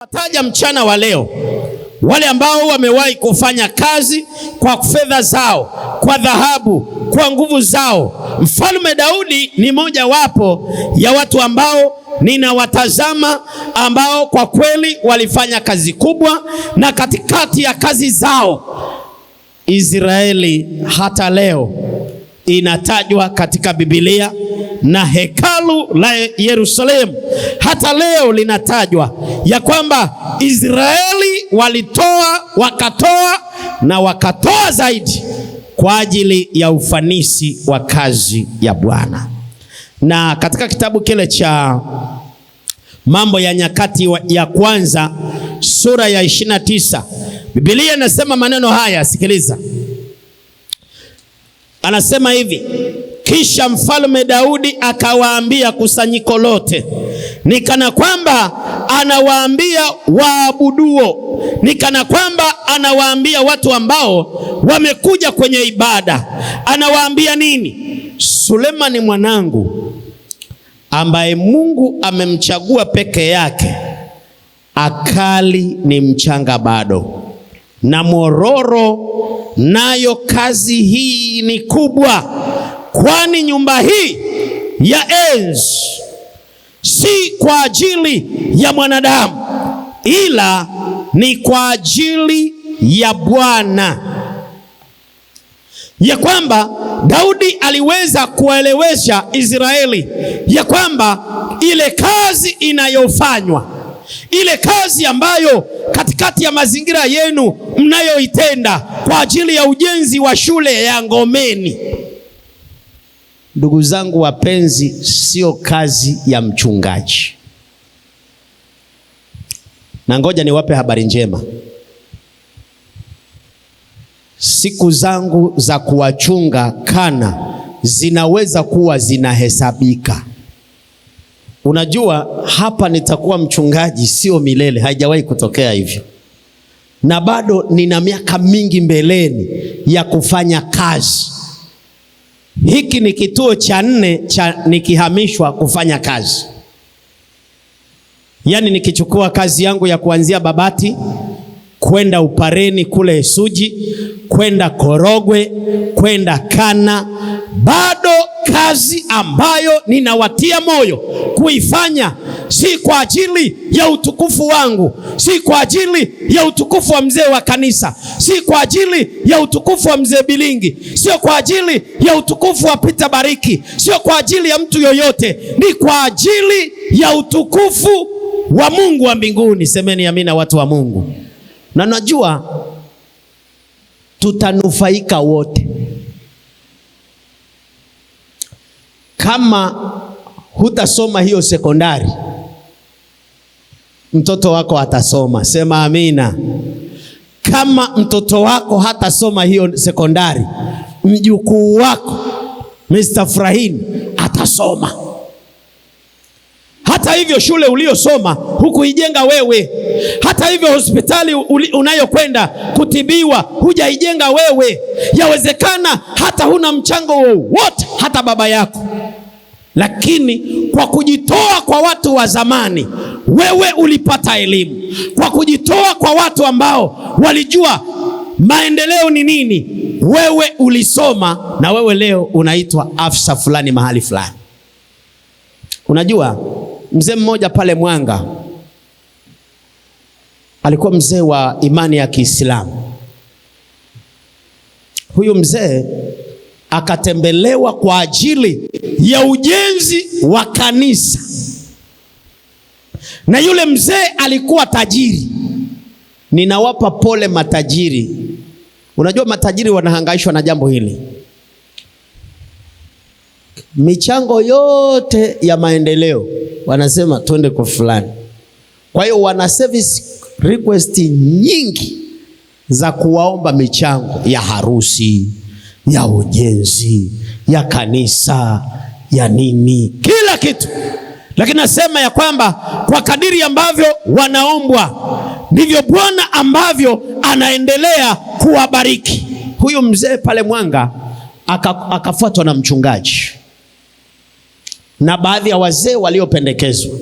Wataja mchana wa leo wale ambao wamewahi kufanya kazi kwa fedha zao, kwa dhahabu, kwa nguvu zao. Mfalme Daudi ni moja wapo ya watu ambao ninawatazama ambao kwa kweli walifanya kazi kubwa, na katikati ya kazi zao Israeli hata leo inatajwa katika Biblia na hekalu la Yerusalemu hata leo linatajwa ya kwamba Israeli walitoa wakatoa na wakatoa zaidi kwa ajili ya ufanisi wa kazi ya Bwana. Na katika kitabu kile cha Mambo ya Nyakati ya Kwanza sura ya 29 Biblia inasema maneno haya, sikiliza. Anasema hivi, kisha mfalme Daudi akawaambia kusanyiko lote, nikana kwamba anawaambia waabuduo, nikana kwamba anawaambia watu ambao wamekuja kwenye ibada. Anawaambia nini? Sulemani mwanangu ambaye Mungu amemchagua peke yake, akali ni mchanga bado na mororo nayo kazi hii ni kubwa, kwani nyumba hii ya enzi si kwa ajili ya mwanadamu, ila ni kwa ajili ya Bwana, ya kwamba Daudi aliweza kuwaelewesha Israeli ya kwamba ile kazi inayofanywa, ile kazi ambayo katikati ya mazingira yenu mnayoitenda kwa ajili ya ujenzi wa shule ya Ngomeni. Ndugu zangu wapenzi, sio kazi ya mchungaji. Na ngoja niwape habari njema. Siku zangu za kuwachunga kana zinaweza kuwa zinahesabika. Unajua hapa nitakuwa mchungaji sio milele, haijawahi kutokea hivyo na bado nina miaka mingi mbeleni ya kufanya kazi. Hiki ni kituo cha nne cha nikihamishwa kufanya kazi, yaani nikichukua kazi yangu ya kuanzia Babati kwenda Upareni kule Suji kwenda Korogwe kwenda Kana, bado kazi ambayo ninawatia moyo kuifanya, si kwa ajili ya utukufu wangu, si kwa ajili ya utukufu wa mzee wa kanisa, si kwa ajili ya utukufu wa mzee Bilingi, sio kwa ajili ya utukufu wa Pita Bariki, sio kwa ajili ya mtu yoyote, ni kwa ajili ya utukufu wa Mungu wa mbinguni. Semeni amina, watu wa Mungu, na najua tutanufaika wote. Kama hutasoma hiyo sekondari, mtoto wako atasoma. Sema amina. Kama mtoto wako hatasoma hiyo sekondari, mjukuu wako Mr. Frahim atasoma. Hata hivyo shule uliyosoma hukuijenga wewe. Hata hivyo hospitali unayokwenda kutibiwa hujaijenga wewe. Yawezekana hata huna mchango wowote, hata baba yako lakini kwa kujitoa kwa watu wa zamani, wewe ulipata elimu. Kwa kujitoa kwa watu ambao walijua maendeleo ni nini, wewe ulisoma, na wewe leo unaitwa afisa fulani mahali fulani. Unajua mzee mmoja pale Mwanga alikuwa mzee wa imani ya Kiislamu. Huyu mzee akatembelewa kwa ajili ya ujenzi wa kanisa, na yule mzee alikuwa tajiri. Ninawapa pole matajiri. Unajua matajiri wanahangaishwa na jambo hili. Michango yote ya maendeleo wanasema twende kwa fulani. Kwa hiyo wana service request nyingi za kuwaomba michango ya harusi ya ujenzi, ya kanisa, ya nini, kila kitu. Lakini nasema ya kwamba kwa kadiri ambavyo wanaombwa ndivyo Bwana ambavyo anaendelea kuwabariki. Huyu mzee pale Mwanga akafuatwa na mchungaji na baadhi ya wazee waliopendekezwa,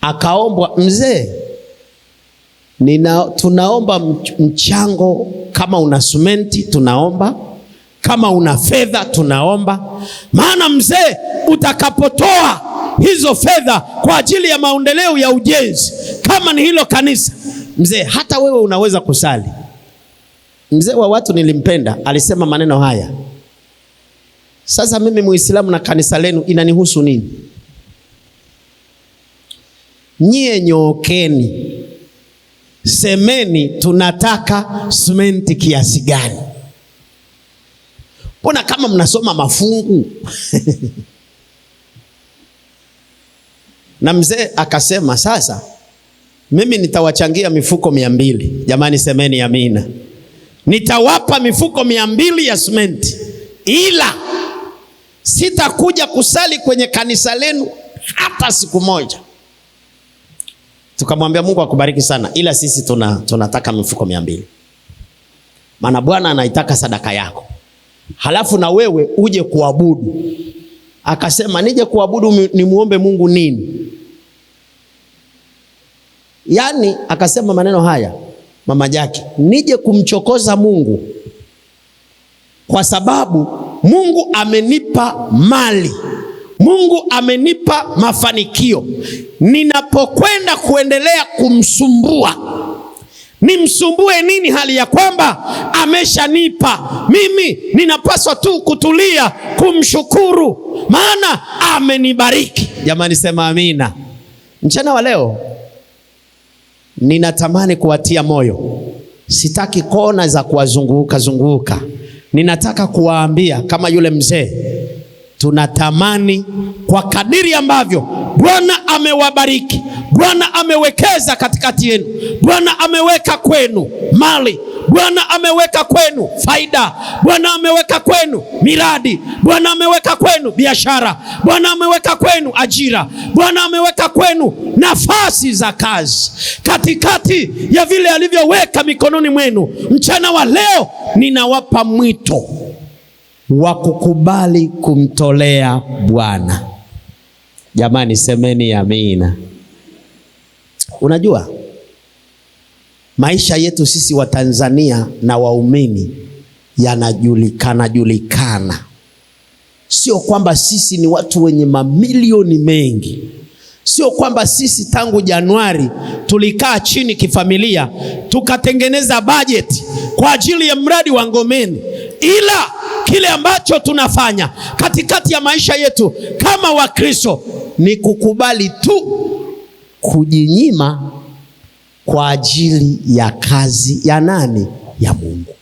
akaombwa mzee, nina tunaomba mchango kama una sumenti, tunaomba kama una fedha tunaomba, maana mzee, utakapotoa hizo fedha kwa ajili ya maendeleo ya ujenzi, kama ni hilo kanisa, mzee, hata wewe unaweza kusali. Mzee wa watu nilimpenda, alisema maneno haya. Sasa mimi Muislamu na kanisa lenu inanihusu nini? Nyie nyookeni, semeni tunataka simenti kiasi gani? Mbona kama mnasoma mafungu? na mzee akasema, sasa mimi nitawachangia mifuko mia mbili. Jamani, semeni amina. Nitawapa mifuko mia mbili ya simenti, ila sitakuja kusali kwenye kanisa lenu hata siku moja. Tukamwambia Mungu akubariki sana, ila sisi tuna, tunataka mifuko mia mbili, maana Bwana anaitaka sadaka yako halafu na wewe uje kuabudu. Akasema nije kuabudu nimwombe Mungu nini? Yaani akasema maneno haya mama Jackie, nije kumchokoza Mungu kwa sababu Mungu amenipa mali, Mungu amenipa mafanikio, ninapokwenda kuendelea kumsumbua Nimsumbue nini hali ya kwamba ameshanipa mimi? Ninapaswa tu kutulia, kumshukuru, maana amenibariki. Jamani, sema amina. Mchana wa leo ninatamani kuwatia moyo, sitaki kona za kuwazunguka zunguka. Ninataka kuwaambia kama yule mzee, tunatamani kwa kadiri ambavyo Bwana amewabariki Bwana amewekeza katikati yenu, Bwana ameweka kwenu mali, Bwana ameweka kwenu faida, Bwana ameweka kwenu miradi, Bwana ameweka kwenu biashara, Bwana ameweka kwenu ajira, Bwana ameweka kwenu nafasi za kazi. Katikati ya vile alivyoweka mikononi mwenu, mchana wa leo ninawapa mwito wa kukubali kumtolea Bwana. Jamani, semeni amina. Unajua maisha yetu sisi wa Tanzania na waumini yanajulikana julikana, sio kwamba sisi ni watu wenye mamilioni mengi Sio kwamba sisi tangu Januari tulikaa chini kifamilia tukatengeneza bajeti kwa ajili ya mradi wa Ngomeni, ila kile ambacho tunafanya katikati ya maisha yetu kama Wakristo ni kukubali tu kujinyima kwa ajili ya kazi ya nani? Ya Mungu.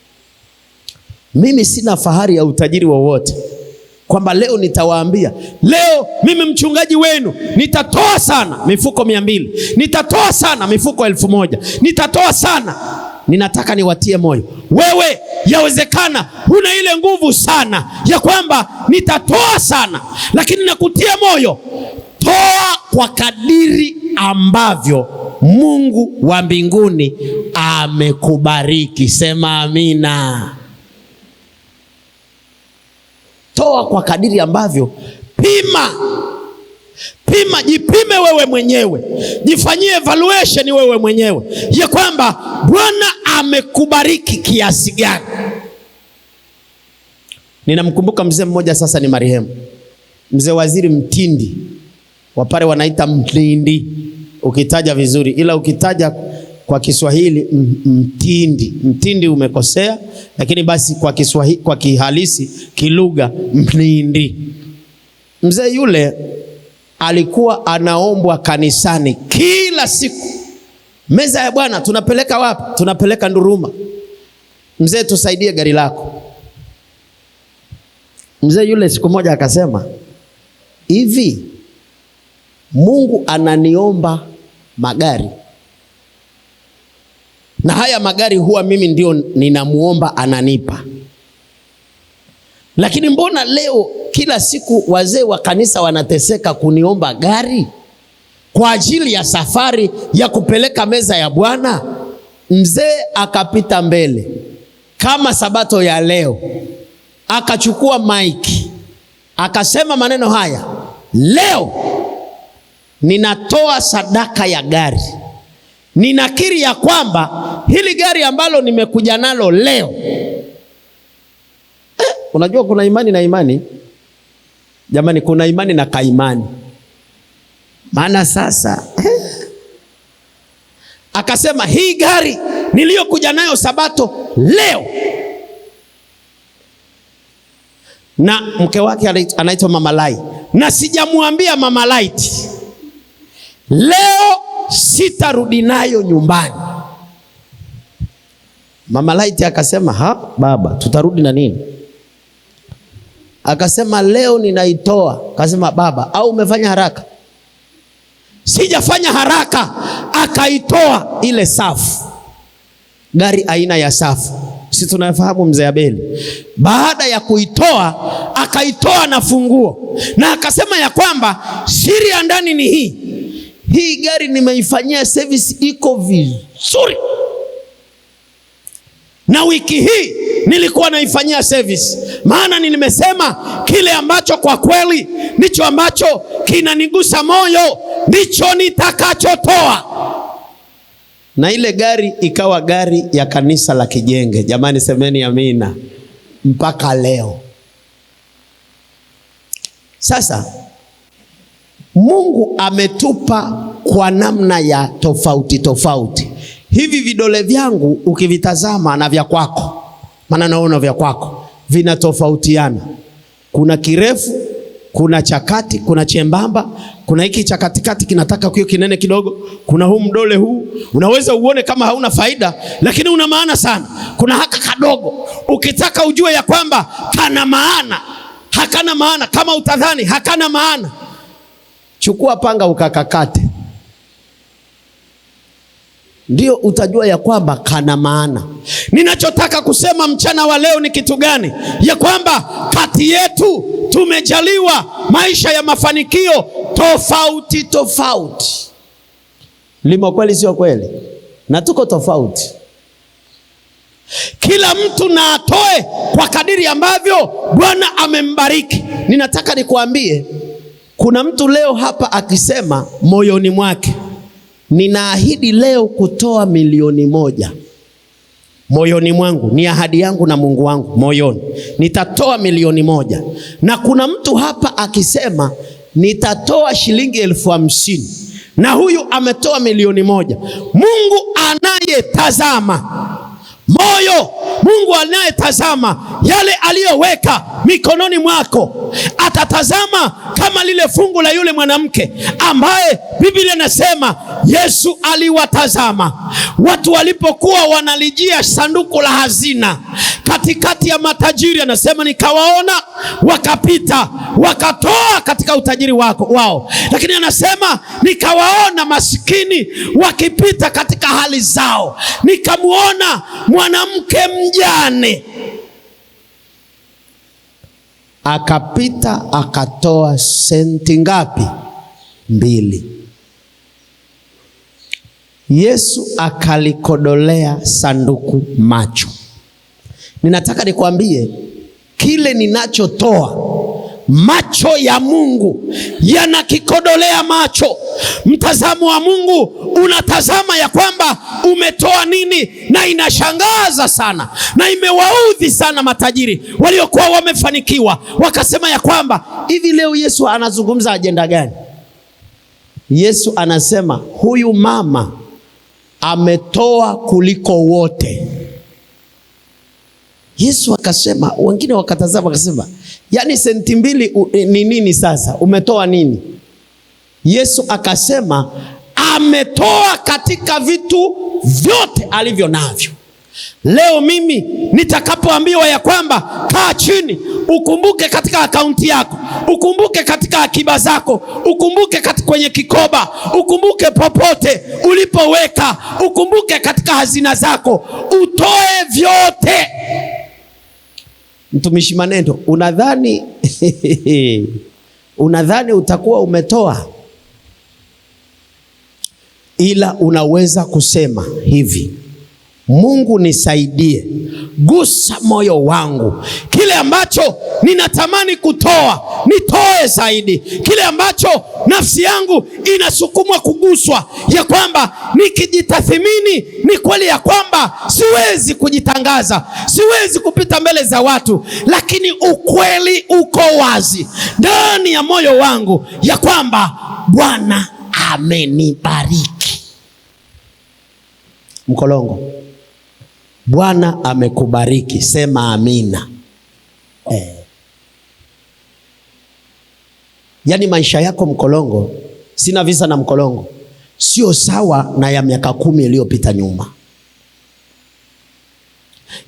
Mimi sina fahari ya utajiri wowote, kwamba leo nitawaambia leo mimi mchungaji wenu nitatoa sana mifuko mia mbili, nitatoa sana mifuko elfu moja, nitatoa sana. Ninataka niwatie moyo, wewe yawezekana huna ile nguvu sana ya kwamba nitatoa sana, lakini nakutia moyo, toa kwa kadiri ambavyo Mungu wa mbinguni amekubariki. Sema amina. Toa kwa kadiri ambavyo, pima pima, jipime wewe mwenyewe, jifanyie evaluation wewe mwenyewe ya kwamba Bwana amekubariki kiasi gani. Ninamkumbuka mzee mmoja, sasa ni marehemu, mzee Waziri Mtindi Wapare wanaita mtindi ukitaja vizuri, ila ukitaja kwa Kiswahili mtindi, mtindi umekosea, lakini basi kwa Kiswahili, kwa kihalisi kilugha mtindi. Mzee yule alikuwa anaombwa kanisani kila siku. Meza ya Bwana tunapeleka wapi? Tunapeleka Nduruma. Mzee, tusaidie gari lako. Mzee yule siku moja akasema hivi Mungu ananiomba magari na haya magari huwa mimi ndio ninamuomba, ananipa. Lakini mbona leo kila siku wazee wa kanisa wanateseka kuniomba gari kwa ajili ya safari ya kupeleka meza ya Bwana? Mzee akapita mbele kama sabato ya leo, akachukua maiki akasema maneno haya leo ninatoa sadaka ya gari, ninakiri ya kwamba hili gari ambalo nimekuja nalo leo eh, unajua kuna imani na imani jamani, kuna imani na kaimani. Maana sasa eh, akasema hii gari niliyokuja nayo Sabato leo na mke wake anaitwa Mama na sijamwambia Mama leo sitarudi nayo nyumbani. Mama Laiti akasema ha, baba, tutarudi na nini? Akasema leo ninaitoa. Akasema baba, au umefanya haraka? Sijafanya haraka. Akaitoa ile safu, gari aina ya safu, si tunafahamu mzee Abeli. Baada ya kuitoa, akaitoa na funguo, na akasema ya kwamba siri ya ndani ni hii hii gari nimeifanyia service, iko vizuri, na wiki hii nilikuwa naifanyia service, maana nimesema kile ambacho kwa kweli ndicho ambacho kinanigusa moyo ndicho nitakachotoa, na ile gari ikawa gari ya kanisa la Kijenge. Jamani, semeni amina mpaka leo. Sasa Mungu ametupa kwa namna ya tofauti tofauti. Hivi vidole vyangu ukivitazama na vya kwako, maana naona vya kwako vinatofautiana, kuna kirefu, kuna chakati kuna chembamba, kuna hiki cha katikati kinataka kio kinene kidogo, kuna huu mdole huu, unaweza uone kama hauna faida, lakini una maana sana. Kuna haka kadogo, ukitaka ujue ya kwamba kana maana, hakana maana, kama utadhani hakana maana Chukua panga ukakakate, ndio utajua ya kwamba kana maana. Ninachotaka kusema mchana wa leo ni kitu gani? Ya kwamba kati yetu tumejaliwa maisha ya mafanikio tofauti tofauti. Limo kweli, sio kweli? Na tuko tofauti kila mtu na atoe kwa kadiri ambavyo Bwana amembariki. Ninataka nikuambie kuna mtu leo hapa akisema moyoni mwake, ninaahidi leo kutoa milioni moja moyoni mwangu, ni ahadi yangu na Mungu wangu, moyoni nitatoa milioni moja. Na kuna mtu hapa akisema nitatoa shilingi elfu hamsini na huyu ametoa milioni moja. Mungu anayetazama moyo. Mungu anayetazama yale aliyoweka mikononi mwako atatazama kama lile fungu la yule mwanamke ambaye Biblia inasema Yesu aliwatazama watu walipokuwa wanalijia sanduku la hazina katikati ya matajiri, anasema nikawaona, wakapita wakatoa katika utajiri wako wao, lakini anasema nikawaona masikini wakipita katika hali zao, nikamwona mwanamke mjane, akapita akatoa senti ngapi? Mbili. Yesu akalikodolea sanduku macho. Ninataka nikwambie kile ninachotoa Macho ya Mungu yanakikodolea macho, mtazamo wa Mungu unatazama ya kwamba umetoa nini, na inashangaza sana na imewaudhi sana matajiri waliokuwa wamefanikiwa, wakasema ya kwamba hivi leo Yesu anazungumza ajenda gani? Yesu anasema huyu mama ametoa kuliko wote. Yesu akasema, wengine wakatazama, wakasema yani senti mbili eh, ni nini? Sasa umetoa nini? Yesu akasema ametoa katika vitu vyote alivyo navyo. Leo mimi nitakapoambiwa ya kwamba kaa chini, ukumbuke katika akaunti yako, ukumbuke katika akiba zako, ukumbuke kwenye kikoba, ukumbuke popote ulipoweka, ukumbuke katika hazina zako, utoe vyote mtumishi Manendo, unadhani unadhani utakuwa umetoa, ila unaweza kusema hivi Mungu nisaidie, gusa moyo wangu, kile ambacho ninatamani kutoa nitoe zaidi, kile ambacho nafsi yangu inasukumwa kuguswa, ya kwamba nikijitathimini, ni kweli ya kwamba siwezi kujitangaza, siwezi kupita mbele za watu, lakini ukweli uko wazi ndani ya moyo wangu ya kwamba Bwana amenibariki. Mkolongo Bwana amekubariki, sema amina. Eh, yaani maisha yako mkolongo, sina visa na mkolongo, sio sawa na ya miaka kumi iliyopita nyuma.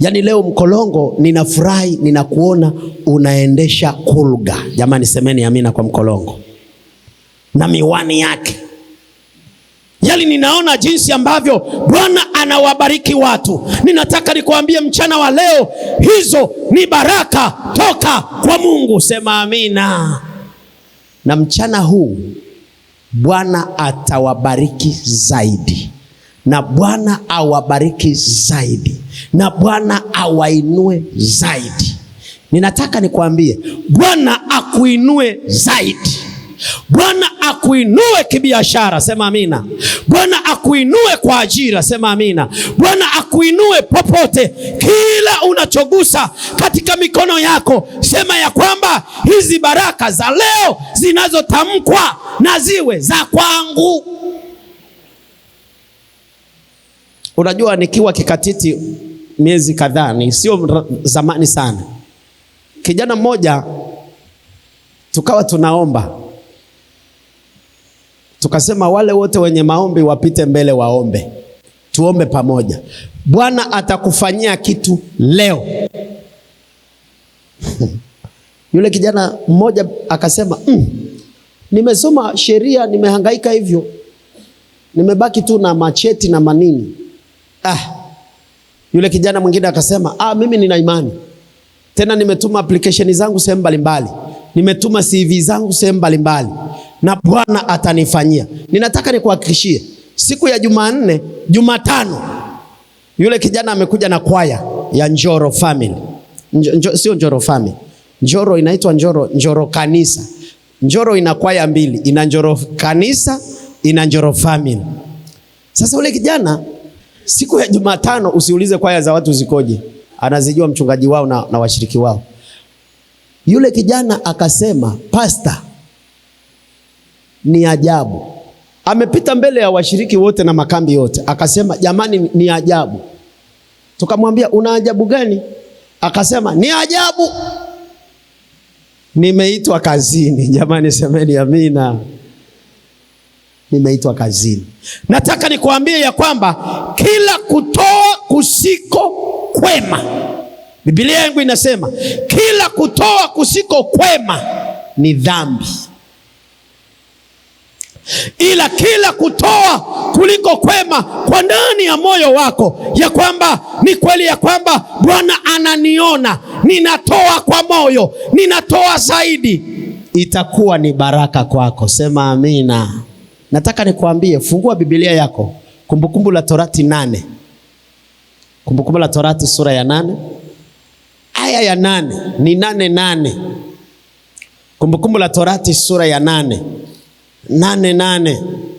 Yaani leo mkolongo, ninafurahi ninakuona unaendesha kulga. Jamani, semeni amina kwa mkolongo na miwani yake Jali, yaani ninaona jinsi ambavyo Bwana anawabariki watu. Ninataka nikuambie mchana wa leo, hizo ni baraka toka kwa Mungu. Sema amina. Na mchana huu Bwana atawabariki zaidi, na Bwana awabariki zaidi, na Bwana awainue zaidi. Ninataka nikuambie Bwana akuinue zaidi. Bwana akuinue kibiashara, sema amina. Bwana akuinue kwa ajira, sema amina. Bwana akuinue popote, kila unachogusa katika mikono yako, sema ya kwamba hizi baraka za leo zinazotamkwa na ziwe za kwangu. Unajua, nikiwa kikatiti miezi kadhaa, ni sio zamani sana, kijana mmoja tukawa tunaomba Tukasema wale wote wenye maombi wapite mbele waombe. Tuombe pamoja. Bwana atakufanyia kitu leo. Yule kijana mmoja akasema mm, nimesoma sheria, nimehangaika hivyo, nimebaki tu na macheti na manini. Ah, yule kijana mwingine akasema ah, mimi nina imani tena, nimetuma aplikesheni zangu sehemu mbalimbali nimetuma CV zangu sehemu mbalimbali na Bwana atanifanyia. Ninataka nikuhakikishie, siku ya Jumanne, Jumatano, yule kijana amekuja na kwaya ya Njoro Family. Njo, njo, sio Njoro Family. Njoro inaitwa Njoro, Njoro Kanisa. Njoro ina kwaya mbili, ina Njoro Kanisa, ina Njoro Family. Sasa yule kijana siku ya Jumatano, usiulize kwaya za watu zikoje, anazijua mchungaji wao na, na washiriki wao. Yule kijana akasema, pasta, ni ajabu. Amepita mbele ya washiriki wote na makambi yote, akasema, jamani, ni ajabu. Tukamwambia, una ajabu gani? Akasema, ni ajabu, nimeitwa kazini. Jamani, semeni amina. Nimeitwa kazini. Nataka nikuambie ya kwamba kila kutoa kusiko kwema Biblia yangu inasema kila kutoa kusiko kwema ni dhambi, ila kila kutoa kuliko kwema kwa ndani ya moyo wako, ya kwamba ni kweli ya kwamba Bwana ananiona, ninatoa kwa moyo, ninatoa zaidi, itakuwa ni baraka kwako. Sema amina. Nataka nikuambie, fungua Biblia yako Kumbukumbu la Torati nane Kumbukumbu la Torati sura ya nane aya ya nane ni nane nane. Kumbukumbu la Torati sura ya nane nane nane.